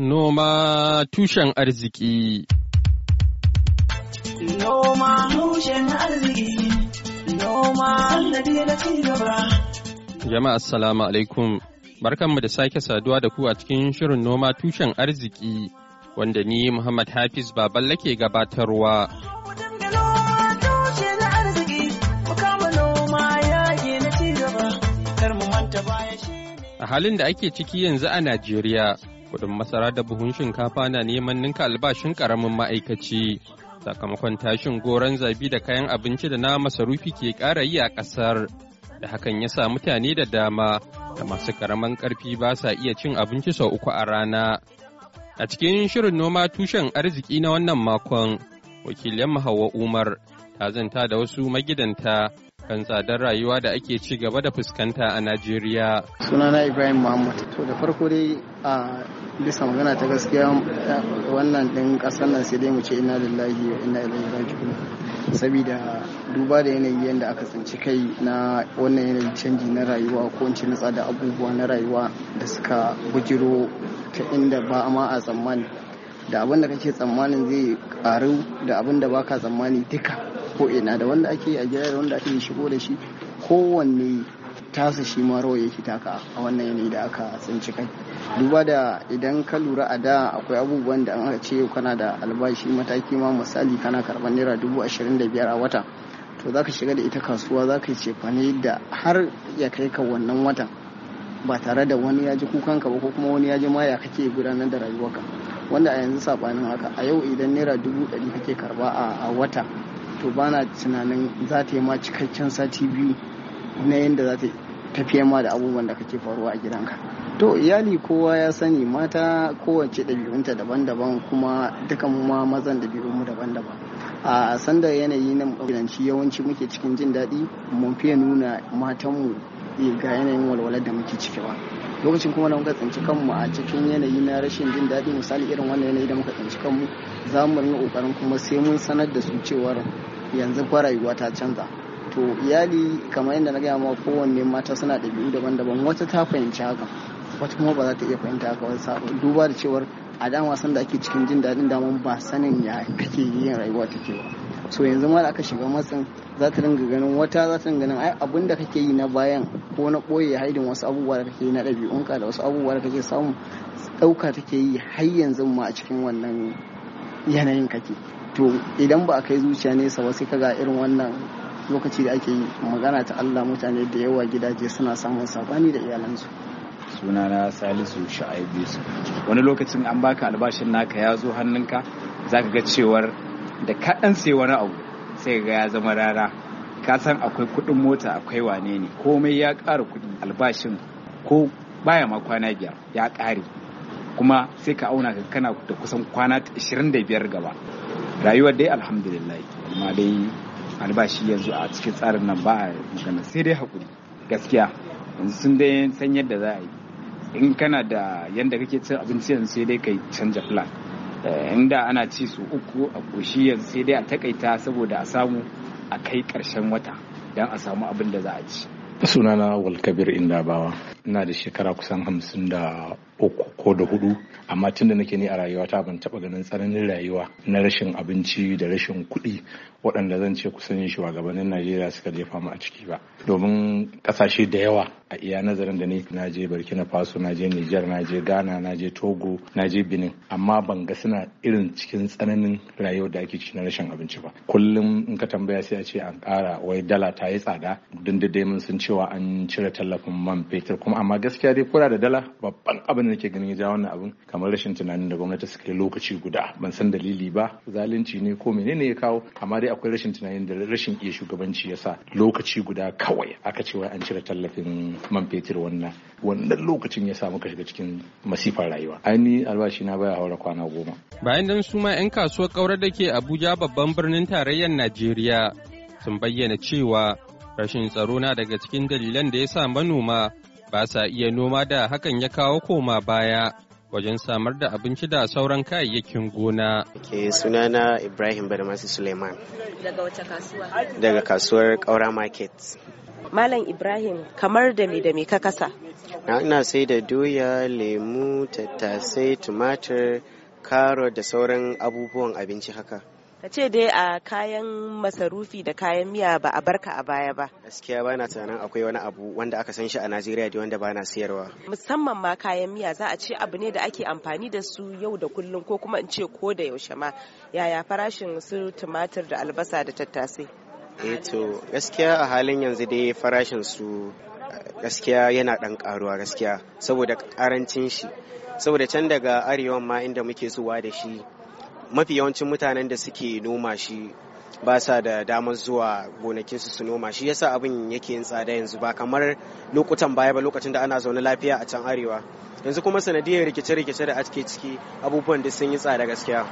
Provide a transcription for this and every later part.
Noma tushen arziki. Noma tushen arziki. Noma Jama'a assalamu alaikum. Barkanmu da sake saduwa da ku a cikin shirin noma tushen arziki wanda ni Muhammad Hafiz Baballe ke gabatarwa. A halin da ake ciki yanzu a Najeriya. kudin masara da buhun shinkafa na neman ninka albashin karamin ma'aikaci sakamakon tashin goron zabi da kayan abinci da na masarufi ke ƙara yi a ƙasar da hakan ya sa mutane da dama da masu karaman karfi ba sa iya cin abinci sau uku a rana a cikin shirin noma tushen arziki na wannan makon wakilin Hauwa umar ta zanta da wasu magidanta kan tsadar rayuwa da ake ci gaba da fuskanta a Najeriya. Sunana Ibrahim Muhammad. To da farko dai a bisa magana ta gaskiya wannan ɗin ƙasar nan sai dai mu ce ina lillahi wa ina ilaihi raji'un. Saboda duba da yanayi yadda aka tsinci kai na wannan yanayin canji na rayuwa ko in ce na tsada abubuwa na rayuwa da suka bujiro ta inda ba ma a tsammani da abin da kake tsammanin zai ƙaru da abin da baka tsammani duka ko ina da wanda ake a gida da wanda ake shigo da shi kowanne tasa shi ma rawa yake taka a wannan yanayi da aka tsinci kai duba da idan ka lura a da akwai abubuwan da an ce kana da albashi mataki ma misali kana karɓar naira dubu ashirin da biyar a wata to zaka shiga da ita kasuwa zaka ka cefane da har ya kai ka wannan watan ba tare da wani ya ji kukanka ba ko kuma wani ya ji ma ya kake gudanar da rayuwarka wanda a yanzu sabanin haka a yau idan naira dubu ɗari kake karba a wata to ba na tunanin za ta yi ma cikakken sati biyu na yadda za ta tafiya ma da abubuwan da kake faruwa a gidanka to iyali kowa ya sani mata kowace ɗabi'unta daban-daban kuma duka ma mazan ɗabi'unmu daban-daban a sanda yanayi na yawanci muke cikin jin daɗi mun fiye nuna matanmu daɗe ga yanayin walwalar da muke ciki ba lokacin kuma da muka tsinci kanmu a cikin yanayi na rashin jin daɗi misali irin wannan yanayi da muka tsinci kanmu za mu rinka ƙoƙarin kuma sai mun sanar da su cewar yanzu fa rayuwa ta canza to iyali kamar yadda na gaya ma kowanne mata suna ɗabi'u daban-daban wata ta fahimci haka wata kuma ba za ta iya fahimta haka wata duba da cewar a dama sanda ake cikin jin daɗin daman ba sanin ya kake yin rayuwa take ba so yanzu ma da aka shiga matsin za ta dinga ganin wata za ta dinga ganin ai abin da kake yi na bayan ko na ɓoye haidin wasu abubuwa da kake yi na ɗabi'unka da wasu abubuwa da kake samu ɗauka take yi har yanzu ma a cikin wannan yanayin kake to idan ba a kai zuciya nesa ba sai kaga irin wannan lokaci da ake yi magana ta Allah mutane da yawa gidaje suna samun sabani da iyalansu sunana salisu shu'aibu wani lokacin an baka albashin naka ya zo hannunka zaka ga cewar da kaɗan sai wani abu sai ga ya zama rara ka san akwai kuɗin mota akwai wane ne komai ya ƙara kuɗi albashin ko baya ma kwana biyar ya ƙare kuma sai ka auna ka kana da kusan kwana 25 gaba rayuwar dai alhamdulillah amma dai albashi yanzu a cikin tsarin nan ba a magana sai dai hakuri gaskiya yanzu sun dai san yadda za a yi in kana da yadda kake cin abinci yanzu sai dai kai canja plan Eh, inda ana ci su uku a ƙoshi yanzu sai dai a takaita saboda a samu a kai ƙarshen wata don a samu abin da za a ci sunana walkabir inda bawa ina da shekara kusan hamsin da uku ko da hudu amma tun da nake ni a rayuwa ta, ban taba ganin tsananin rayuwa na rashin abinci da rashin kuɗi waɗanda zan ce kusan shugabannin najeriya suka jefa mu a ciki ba domin ƙasashe da yawa a iya nazarin da ni na je burkina faso na je niger na je ghana na je togo na je benin amma ban ga suna irin cikin tsananin rayuwar da ake ciki na rashin abinci ba kullum in ka tambaya sai a ce an ƙara wai dala ta yi tsada dindindai mun sun cewa an cire tallafin man fetur kuma amma gaskiya dai kura da dala babban abin da nake ganin ya ja wannan abin kamar rashin tunanin da gwamnati suka yi lokaci guda ban san dalili ba zalunci ne ko menene ya kawo amma dai akwai rashin tunanin da rashin iya shugabanci ya sa lokaci guda kawai aka cewa an cire tallafin man fetur wannan wannan lokacin ya sa muka shiga cikin masifar rayuwa ainihin albashi na baya haura kwana goma bayan dan suma 'yan kasuwar kaurar da ke abuja babban birnin tarayyar najeriya sun bayyana cewa rashin tsaro na daga cikin dalilan da ya sa manoma ba sa iya noma da hakan ya kawo koma baya wajen samar da abinci da sauran kayayyakin gona. Ke sunana Ibrahim Badamasi Suleiman. Daga wace Daga kasuwar Kaura Market. Malam Ibrahim, kamar da me da me ka kasa? Na ina sai da doya, lemu, tattasai, tumatir, karo da sauran abubuwan abinci haka. ka ce dai a kayan masarufi da kayan miya ba a barka a baya ba gaskiya bana tunanin akwai wani abu wanda aka san shi a najeriya da wanda bana siyarwa musamman ma kayan miya za a ce abu ne da ake amfani da su yau da kullum ko kuma in ce ko da yaushe ma yaya farashin su tumatir da albasa da tattasai eh to gaskiya a halin yanzu dai farashin su eh, gaskiya yana ɗan karuwa gaskiya saboda karancin shi saboda can daga arewa ma inda muke zuwa da shi mafi yawancin mutanen da suke noma shi ba sa da damar zuwa gonakinsu su noma shi yasa abin yake yin tsada yanzu ba kamar lokutan baya ba lokacin da ana zaune lafiya a can arewa yanzu kuma sanadiyar rikice-rikice da ake ciki abubuwan da sun yi tsada gaskiya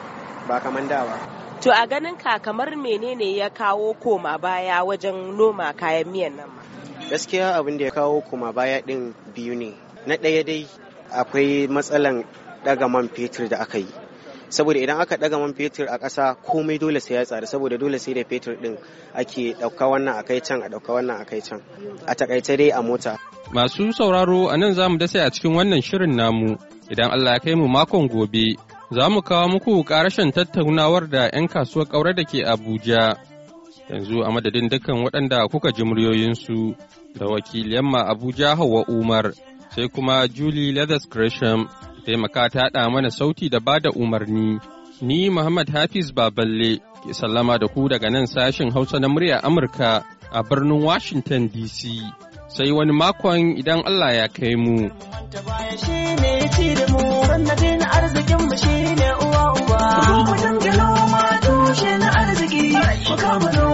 ba kamar da ba to a ganin ka kamar menene ya kawo koma baya wajen noma kayan miyan nan gaskiya abin da ya kawo koma baya din biyu ne na ɗaya dai akwai matsalan ɗaga man fetur da aka yi saboda idan aka daga man fetur a ƙasa komai dole sai ya tsari saboda dole sai da fetur din ake ɗauka wannan a kai can a ɗauka wannan a kai can a takaice dai a mota. Masu sauraro a nan za mu dasa a cikin wannan shirin namu idan Allah ya kai mu makon gobe za mu kawo muku ƙarashin tattaunawar da 'yan kasuwar ƙaurar da ke Abuja. Yanzu a madadin dukkan waɗanda kuka ji muryoyinsu da wakiliyan ma Abuja Hauwa Umar sai kuma Julie Leathers Gresham taimaka ta haɗa mana sauti da bada umarni. Ni Muhammad Hafiz Baballe ke sallama da ku daga nan sashen Hausa na murya Amurka a birnin Washington DC. Sai wani makon idan Allah ya kai mu. arzikin uwa